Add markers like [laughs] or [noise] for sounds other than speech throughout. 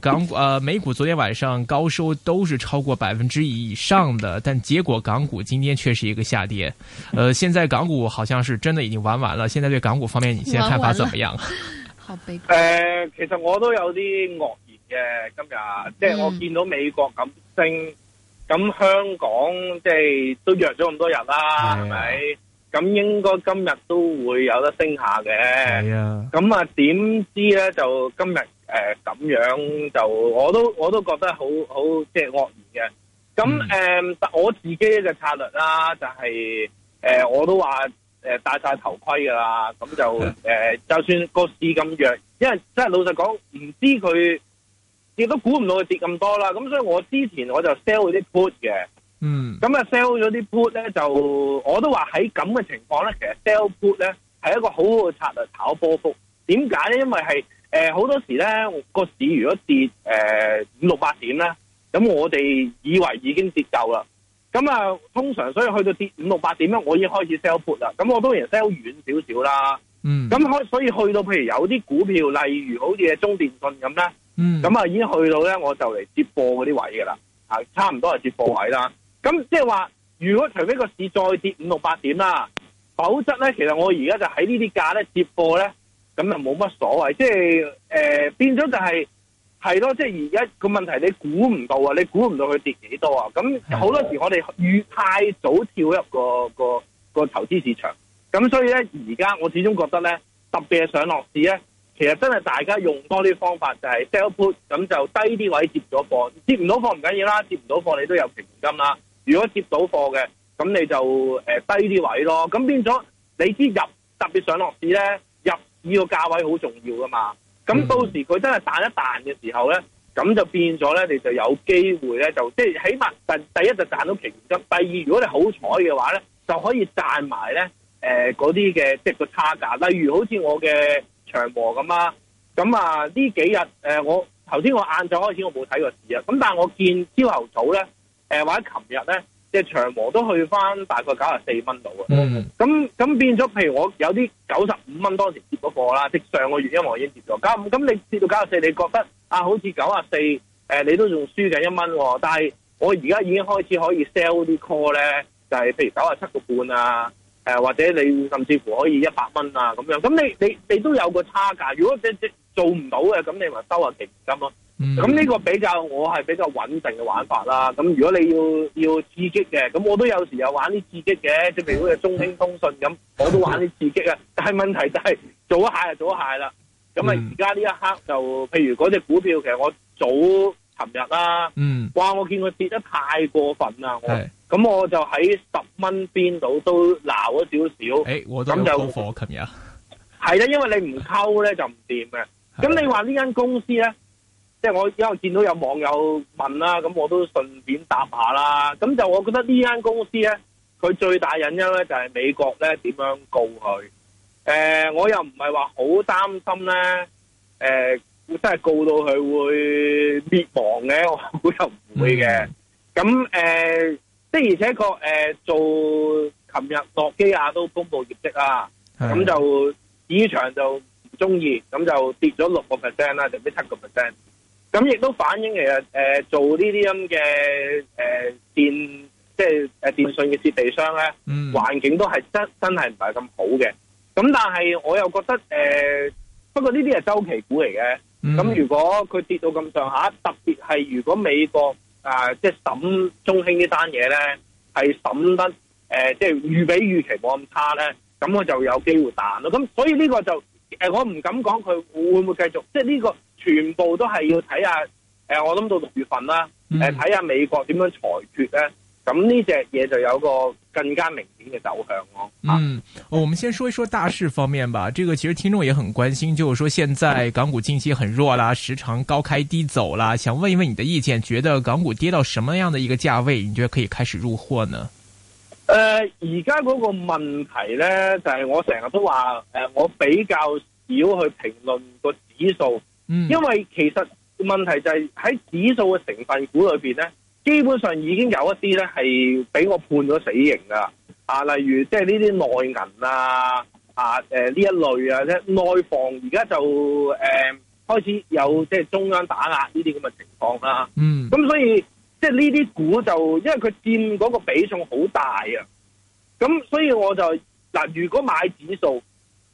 港股，呃，美股昨天晚上高收都是超過百分之一以上的，但結果港股今天卻是一個下跌。呃，現在港股好像是真的已經玩完了。現在對港股方面，你現在看法怎麼樣？好誒、呃，其實我都有啲愕然嘅今日，嗯、即係我見到美國咁升，咁香港即係都弱咗咁多日啦，係咪？咁應該今日都會有得升下嘅。係啊。咁啊、嗯，點知咧就今日？誒，咁、呃、樣就我都我都覺得好好即係愕然嘅。咁誒、mm. 嗯，我自己嘅策略啦、就是，就係誒，我都話誒、呃、戴晒頭盔噶啦。咁就誒 Yeah.、呃，就算個市咁弱，因為即係老實講，唔知佢亦都估唔到佢跌咁多啦。咁所以我之前我就 sell 嗰啲 put 嘅。嗯。咁啊，sell 咗啲 put 咧，就我都話喺咁嘅情況咧，其實 sell put 咧係一個很好好嘅策略炒波幅。點解咧？因為係。誒，好、呃、多時咧，個市如果跌誒、呃、五六八點咧，咁我哋以為已經跌夠啦。咁啊，通常所以去到跌五六八點咧，我已經開始 sell put 啦。咁我當然 sell 遠少少啦。嗯，咁所以去到，譬如有啲股票，例如好似係中電信咁咧，咁啊、嗯、已經去到咧，我就嚟接貨嗰啲位噶啦。差唔多係接貨位啦。咁即係話，如果除非個市再跌五六八點啦，否則咧，其實我而家就喺呢啲價咧接貨咧。咁又冇乜所謂，即係誒、呃、變咗就係係咯，即係而家個問題你估唔到啊，你估唔到佢跌幾多啊？咁好多時我哋預太早跳入個個個投資市場，咁所以咧而家我始終覺得咧，特別係上落市咧，其實真係大家用多啲方法就係 sell put，咁就低啲位接咗貨，接唔到貨唔緊要啦，接唔到貨你都有平均金啦。如果接到貨嘅，咁你就低啲位咯。咁變咗你知入特別上落市咧。呢個價位好重要噶嘛？咁到時佢真係彈一彈嘅時候咧，咁就變咗咧，你就有機會咧，就即係起碼賺第一就賺到平倉，第二如果你好彩嘅話咧，就可以賺埋咧誒嗰啲嘅即係個差價。例如好似我嘅長和咁啊，咁啊呢幾日誒，我頭先我晏晝開始我冇睇過市啊，咁但係我見朝頭早咧誒，或者琴日咧。即係長和都去翻大概九十四蚊度啊！咁咁、mm hmm. 變咗，譬如我有啲九十五蚊當時接咗貨啦，即上個月因為我已經接咗九五，咁你接到九十四，你覺得啊，好似九十四呃，你都仲輸緊一蚊喎。但係我而家已經開始可以 sell 啲 call 咧，就係、是、譬如九十七個半啊、呃，或者你甚至乎可以一百蚊啊咁樣。咁你你你都有個差價。如果即即做唔到嘅，咁你咪收下期金咯。咁呢、嗯、個比較，我係比較穩定嘅玩法啦。咁如果你要要刺激嘅，咁我都有時有玩啲刺激嘅，即係譬如好似中興通訊咁，我都玩啲刺激啊。 [laughs] 但係問題就係、是、做一下就做一下啦。咁啊，而家呢一刻就，譬如嗰隻股票，其實我早尋日啦，嗯、哇，我見佢跌得太過分啦，咁是我，我就喺十蚊邊度都撈咗少少。咁、欸、我都高火，琴日係啦，因為你唔溝，咧就唔掂嘅。咁的你話呢間公司咧？即係我因為見到有網友問啦，咁我都順便答下啦。咁就我覺得呢間公司咧，佢最大隱憂咧就係、是、美國咧點樣告佢。誒、呃，我又唔係話好擔心咧。誒、呃，真係告到佢會滅亡嘅，我又唔會嘅。咁誒、嗯呃，的而且確誒做，琴日諾基亞都公布業績啦。咁的就市場就唔中意，咁就跌咗六個 percent 啦，就跌七個 percent。咁亦都反映其實誒做呢啲咁嘅誒電即係誒電信嘅設備商咧，環境、嗯、都係真真係唔係咁好嘅。咁但係我又覺得誒、呃，不過呢啲係週期股嚟嘅。咁、嗯、如果佢跌到咁上下，特別係如果美國啊即係審中興呢單嘢咧，係審得誒即係預備預期冇咁差咧，咁我就有機會彈咯。咁所以呢個就誒，我唔敢講佢會唔會繼續，即係、這、呢個。全部都係要睇下，誒，我諗到六月份啦，誒、嗯、睇下美國點樣裁決咧，咁呢隻嘢就有個更加明顯嘅走向咯。嗯，我們先說一說大勢方面吧。這個其實聽眾也很關心，就是說現在港股近期很弱啦，時常高開低走啦。想問一問你的意見，覺得港股跌到什麼樣的一個價位，你覺得可以開始入貨呢？誒、呃，而家嗰個問題咧，就係、是、我成日都話，誒、呃，我比較少去評論個指數。因為其實問題就係喺指數嘅成分股裏邊咧，基本上已經有一啲咧係俾我判咗死刑噶，啊，例如即係呢啲內銀啊，啊，誒、呃、呢一類啊，即係內房而家就誒、呃、開始有即係中央打壓呢啲咁嘅情況啦、啊。嗯，咁所以即係呢啲股就因為佢佔嗰個比重好大啊，咁所以我就嗱，如果買指數，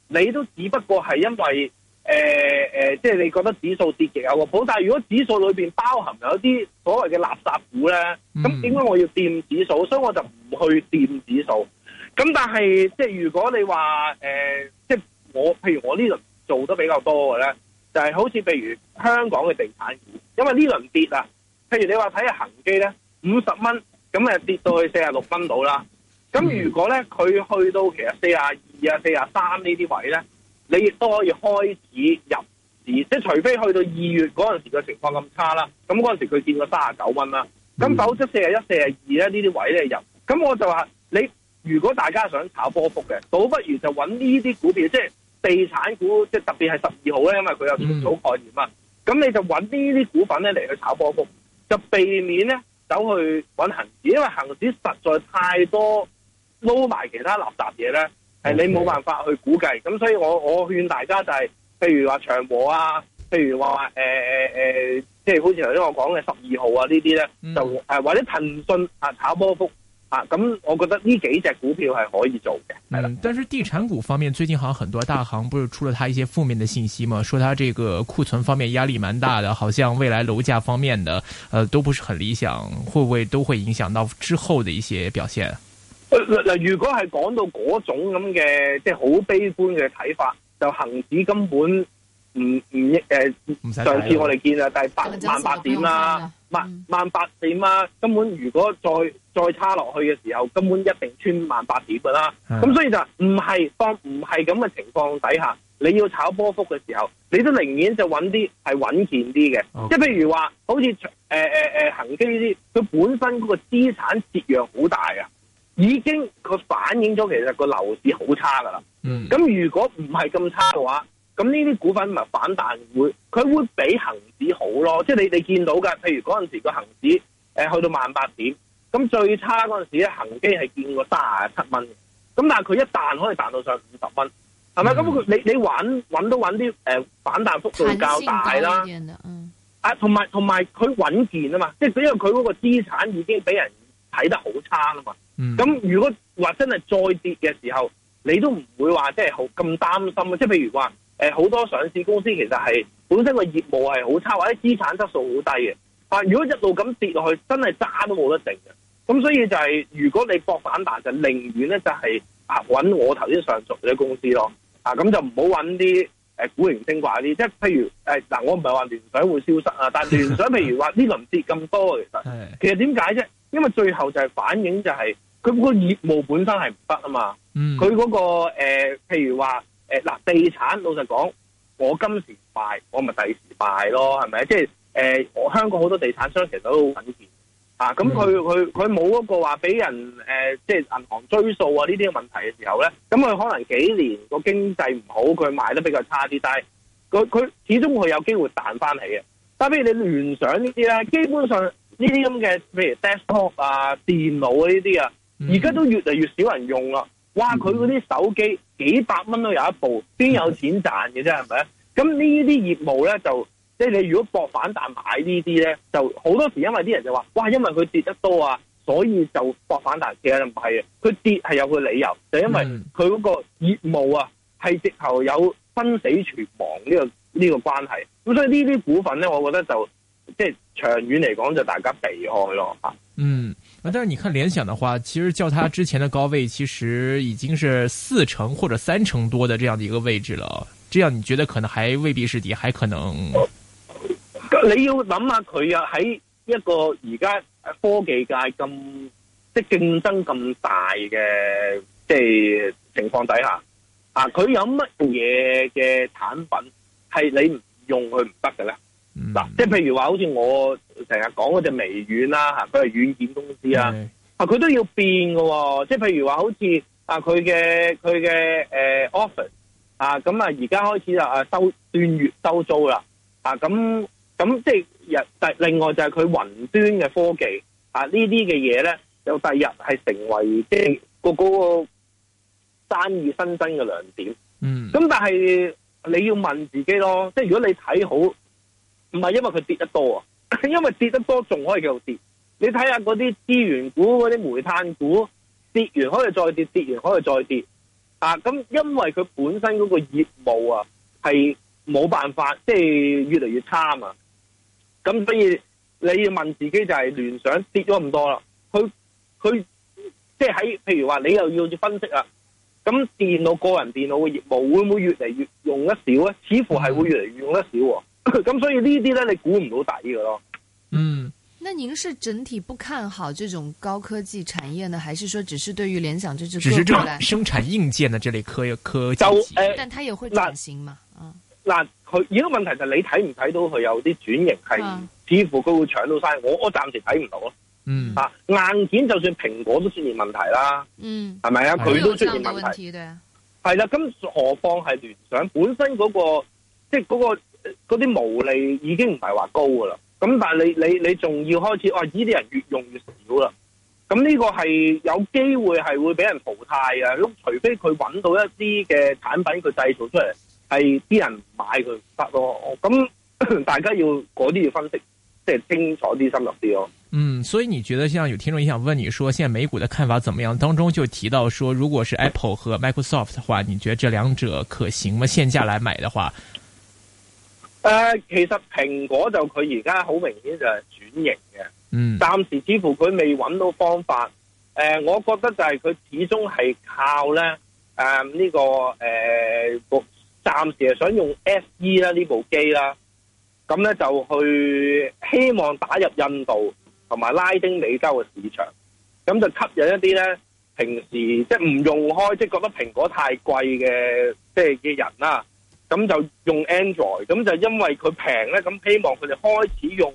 你都只不過係因為。誒誒、呃呃，即係你覺得指數跌極有個譜，但係如果指數裏邊包含有一啲所謂嘅垃圾股咧，咁點解我要掂指數？所以我就唔去掂指數。咁但係即係如果你話誒、呃，即係我，譬如我呢輪做得比較多嘅咧，就係、是、好似譬如香港嘅地產股，因為呢輪跌啊。譬如你話睇下恒基咧，五十蚊咁誒跌到去四啊六蚊到啦。咁如果咧佢去到其實四啊二啊四啊三呢啲位咧？你亦都可以開始入市，即係除非去到二月嗰陣時嘅情況咁差啦，咁嗰陣時佢見過三十九蚊啦，咁九七四十一、四十二咧呢啲位咧入，咁我就話你如果大家想炒波幅嘅，倒不如就揾呢啲股票，即係地產股，即係特別係十二號咧，因為佢有重組概念啊，咁你就揾呢啲股份咧嚟去炒波幅，就避免咧走去揾恒指，因為恒指實在太多撈埋其他垃圾嘢咧。係你冇辦法去估計，咁所以我我勸大家就係、是，譬如話長和啊，譬如話誒誒誒，即、呃、係、呃、好似頭先我講嘅十二號啊呢啲咧，就誒或者騰訊啊炒波幅啊，咁我覺得呢幾隻股票係可以做嘅，係啦、嗯。但是地產股方面，最近好像很多大行不是出了他一些負面的信息嘛，說他這個庫存方面壓力蠻大嘅，好像未來樓價方面的，呃都不是很理想，會不會都會影響到之後的一些表現？嗱，如果係講到嗰種咁嘅，即係好悲觀嘅睇法，就恒指根本唔唔，誒，呃、不上次我哋見了但是 8, 了啊，就係八萬八點啦，萬萬八點啦，根本如果再再差落去嘅時候，根本一定穿萬八點㗎啦、啊。咁的所以就唔係當，唔係咁嘅情況底下，你要炒波幅嘅時候，你都寧願就穩啲，係穩健啲嘅。即係 Okay. 譬如話，好似誒誒誒恒基呢，啲，佢本身嗰個資產折讓好大啊。已經佢反映咗，其實個樓市好差噶啦。咁、嗯、如果唔係咁差嘅話，咁呢啲股份咪反彈會，佢會比恒指好咯。即係你你見到噶，譬如嗰陣時個恒指誒、呃、去到萬八點，咁、嗯、最差嗰陣時咧恒基係見過卅七蚊，咁但係佢一彈可以彈到上五十蚊，係咪？咁佢、嗯、你你揾揾都揾啲誒反彈幅度較大啦。嗯、啊，同埋同埋佢穩健啊嘛，即係佢因為佢嗰個資產已經俾人。睇得好差啦嘛，咁、嗯、如果話真係再跌嘅時候，你都唔會話即係好咁擔心啊！即係譬如話，誒、呃、好多上市公司其實係本身個業務係好差，或者資產質素好低嘅啊！如果一路咁跌落去，真係渣都冇得剩嘅。咁所以就係、是、如果你博反彈，就寧願咧就係啊揾我頭先上述嗰啲公司咯啊！咁就唔好揾啲誒古靈精怪啲，即係譬如誒嗱、呃，我唔係話聯想會消失啊，但係聯想譬如話呢輪跌咁多，其實其實點解啫？因為最後就係反映就係佢個業務本身係唔得啊嘛，佢嗰、嗯嗰個、呃、譬如話誒嗱，地產老實講，我今時賣我咪第時賣咯，係咪即係誒，我、即係呃、香港好多地產商其實都好穩健，咁佢佢佢冇嗰個話俾人誒、呃，即係銀行追數啊呢啲嘅問題嘅時候咧，咁佢可能幾年個經濟唔好，佢賣得比較差啲，但係佢佢始終佢有機會彈翻起嘅。但打譬如你聯想呢啲咧，基本上。呢啲咁嘅，譬如 desktop 啊、電腦呢啲啊，而家都越嚟越少人用啦。哇！佢嗰啲手機幾百蚊都有一部，邊有錢賺嘅啫？係咪？咁呢啲業務咧，就即係你如果搏反彈買呢啲咧，就好多時因為啲人就話：「哇！因為佢跌得多啊，所以就搏反彈。其實唔係嘅，佢跌係有個理由，就因為佢嗰個業務啊，係直頭有生死存亡呢個呢個關係。咁所以呢啲股份咧，我覺得就。即係長遠嚟講，就大家避開咯。嗯，啊，但是你看聯想的話，其實叫他之前的高位，其實已經是四成或者三成多的這樣的一個位置了。這樣你覺得可能還未必是底，還可能？你要諗下佢啊，喺一個而家科技界咁即競爭咁大嘅即係情況底下，啊，佢有乜嘢嘅產品係你唔用佢唔得嘅咧？嗱，即係譬如話，好似我成日講嗰隻微軟啦，吓，佢係軟件公司啊，啊佢都要變嘅，即係譬如話，好似啊佢嘅佢嘅誒 office 啊，咁啊而家開始就啊收端月收租啦，啊咁咁即係日第另外就係佢雲端嘅科技啊呢啲嘅嘢咧，有第日係成為即係個個生意新增嘅亮點。嗯，咁但係你要問自己咯，即係如果你睇好。唔係因為佢跌得多啊，因為跌得多仲可以繼續跌。你睇下嗰啲資源股、嗰啲煤炭股跌完可以再跌，跌完可以再跌啊！咁因為佢本身嗰個業務啊係冇辦法，即係越嚟越差啊！咁所以你要問自己就係聯想跌咗咁多啦，佢佢即係喺譬如話你又要分析啊，咁電腦個人電腦嘅業務會唔會越嚟越用得少啊？似乎係會越嚟越用得少喎。咁所以呢啲咧，你估唔到底㗎咯。嗯，那您是整體不看好這種高科技產業呢，還是說只是對於聯想這隻，就是只是這生產硬件呢，啊？這類科科技，技，就呃、但它也會轉型嘛？嗱、呃，佢、呃、一、呃這個問題就是你睇唔睇到佢有啲轉型係，似乎佢會搶到晒。啊、我我暫時睇唔到咯。嗯啊，硬件就算蘋果都出現問題啦。嗯，係咪啊？佢都出現問題。係啦，咁何況係聯想本身嗰、那個，即係、那、嗰個。嗰啲毛利已經唔係話高噶啦，咁但係你你你仲要開始，哦呢啲人越用越少啦，咁呢個係有機會係會俾人淘汰啊，咁除非佢揾到一啲嘅產品佢製造出嚟係啲人買佢得咯，咁大家要嗰啲要分析，即係清楚啲深入啲咯。嗯，所以你覺得，像有聽眾想問你說，現在美股的看法怎麼樣？當中就提到說，如果是 Apple 和 Microsoft 的話，你覺得這兩者可行嗎？現價來買的話？誒、呃，其實蘋果就佢而家好明顯就係轉型嘅，嗯，暫時似乎佢未揾到方法。誒、呃，我覺得就係佢始終係靠咧，誒、呃、呢、這個誒部，呃，暫時係想用 SE 啦呢部機啦，咁咧就去希望打入印度同埋拉丁美洲嘅市場，咁就吸引一啲咧平時即係唔用開，即係覺得蘋果太貴嘅、啊，即係嘅人啦。咁就用 Android，咁就因為佢平咧，咁希望佢哋開始用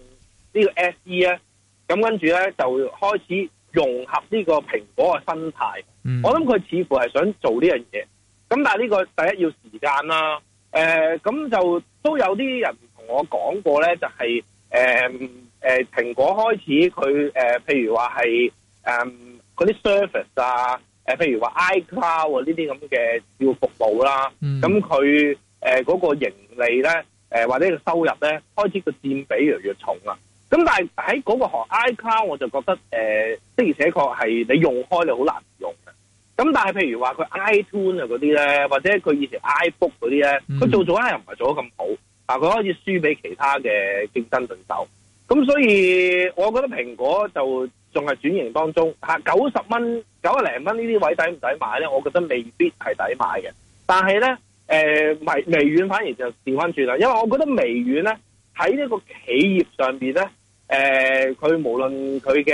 個 ES, 呢個 SE 咧，咁跟住咧就開始融合呢個蘋果嘅生態，mm. 我諗佢似乎係想做呢樣嘢。咁但係呢個第一要時間啦。誒、呃，咁就都有啲人同我講過咧，就係誒誒蘋果開始佢誒、呃、譬如話係誒嗰啲 service 啊，誒譬如話 iCloud 呢、啊、啲咁嘅要服務啦，咁佢、mm.。誒，嗰、呃那個盈利咧，誒、呃、或者個收入咧，開始個佔比越嚟越重啦。咁但係喺嗰個學 iCar 我就覺得誒，的而且確係你用開你好難用嘅。咁但係譬如話佢 iTune 啊嗰啲咧，或者佢以前 iBook 嗰啲咧，佢做咗又唔係做得咁好，啊佢開始輸俾其他嘅競爭對手。咁所以我覺得蘋果就仲係轉型當中吓，九十蚊、九廿零蚊呢啲位抵唔抵買咧？我覺得未必係抵買嘅，但係咧。誒、呃，微微軟反而就調翻轉啦，因為我覺得微軟咧喺呢個企業上邊咧，誒、呃，佢無論佢嘅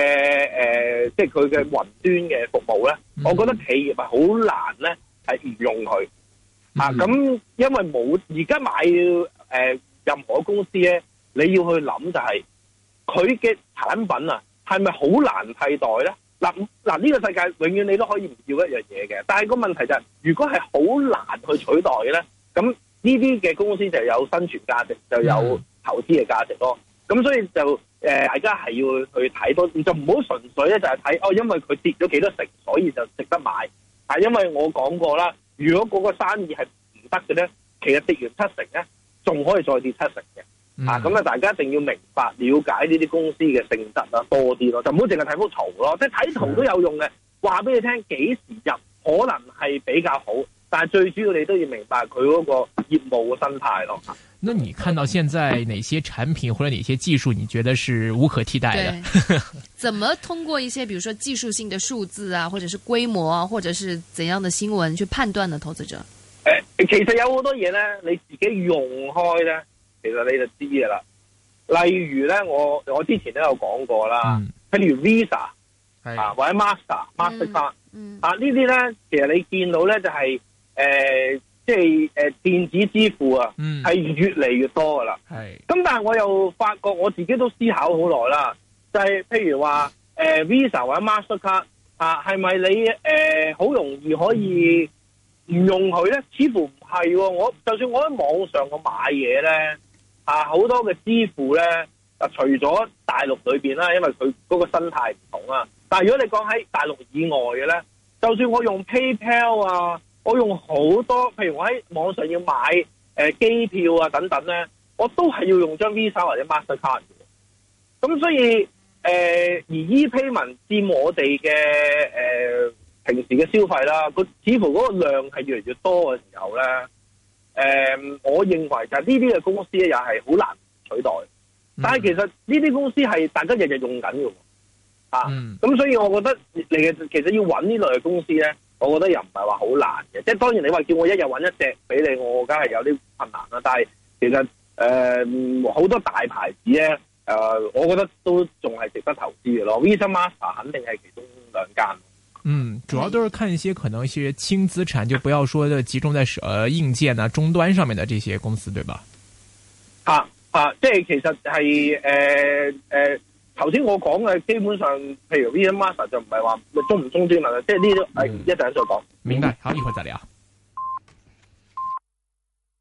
誒，即係佢嘅雲端嘅服務咧，我覺得企業係好難咧係唔用佢吓，咁、啊、因為冇而家買誒、呃、任何公司咧，你要去諗就係佢嘅產品啊，係咪好難替代咧？嗱呢個世界永遠你都可以唔要一樣嘢嘅，但係個問題就係，如果係好難去取代嘅咧，咁呢啲嘅公司就有生存價值，就有投資嘅價值咯。咁所以就誒，大家係要去睇多，就唔好純粹咧就係睇哦，因為佢跌咗幾多成，所以就值得買。但係因為我講過啦，如果嗰個生意係唔得嘅咧，其實跌完七成咧，仲可以再跌七成嘅。嗯、啊，咁啊，大家一定要明白，了解呢啲公司嘅性質啊多啲咯，就唔好淨係睇幅圖咯，即係睇圖都有用嘅，話俾你聽，幾時入可能係比較好，但係最主要你都要明白佢嗰個業務嘅生態咯。那你看到現在哪些產品或者哪些技術你覺得是無可替代嘅？怎麼通過一些，比如說技術性的數字啊，或者是規模，啊，或者是怎樣的新聞去判斷呢？投資者？誒，其實有好多嘢咧，你自己用開咧。其實你就知嘅啦，例如咧，我我之前都有講過啦，嗯、譬如 Visa 啊是，或者 Master, Mastercard,、嗯、Master、嗯、卡啊，呢啲咧，其實你見到咧就係、是、誒，即係誒電子支付啊，係、嗯、越嚟越多噶啦。係是，咁但係我又發覺我自己都思考好耐啦，就係、是、譬如話誒、呃、Visa 或者 Master 卡啊，係咪你誒好、呃、容易可以唔用佢咧？似乎唔係，我就算我喺網上我買嘢咧。啊，好多嘅支付咧，啊，除咗大陸裏面啦，因為佢嗰個生態唔同啊。但如果你講喺大陸以外嘅咧，就算我用 PayPal 啊，我用好多，譬如我喺網上要買誒、呃、機票啊等等咧，我都係要用張 Visa 或者 Mastercard 嘅。咁所以誒、呃，而 e-payment 佔我哋嘅誒平時嘅消費啦，佢似乎嗰個量係越嚟越多嘅時候咧。誒、嗯，我認為就呢啲嘅公司咧，又係好難取代。但係其實呢啲公司係大家日日用緊嘅，啊，咁所以我覺得你嘅其實要搵呢類嘅公司咧，我覺得又唔係話好難嘅。即係當然你話叫我一日搵一隻俾你，我梗係有啲困難啦。但係其實誒，好、呃、多大牌子咧，誒、呃，我覺得都仲係值得投資嘅咯。Visa Master 肯定係其中兩間。嗯，主要都是看一些可能一些輕資產，就不要說的集中在是、啊，呃硬件啊終端上面的這些公司，對吧？啊啊，即、啊、係其實係誒誒，頭、呃、先、呃、我講嘅基本上，譬如 VMaster 就唔係話中唔中端、嗯、這啊，即係呢啲係一陣再講。明白，好，一會再聊。